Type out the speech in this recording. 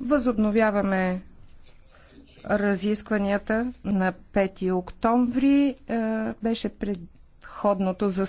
Възобновяваме разискванията на 5 октомври. Е, беше предходното заседание.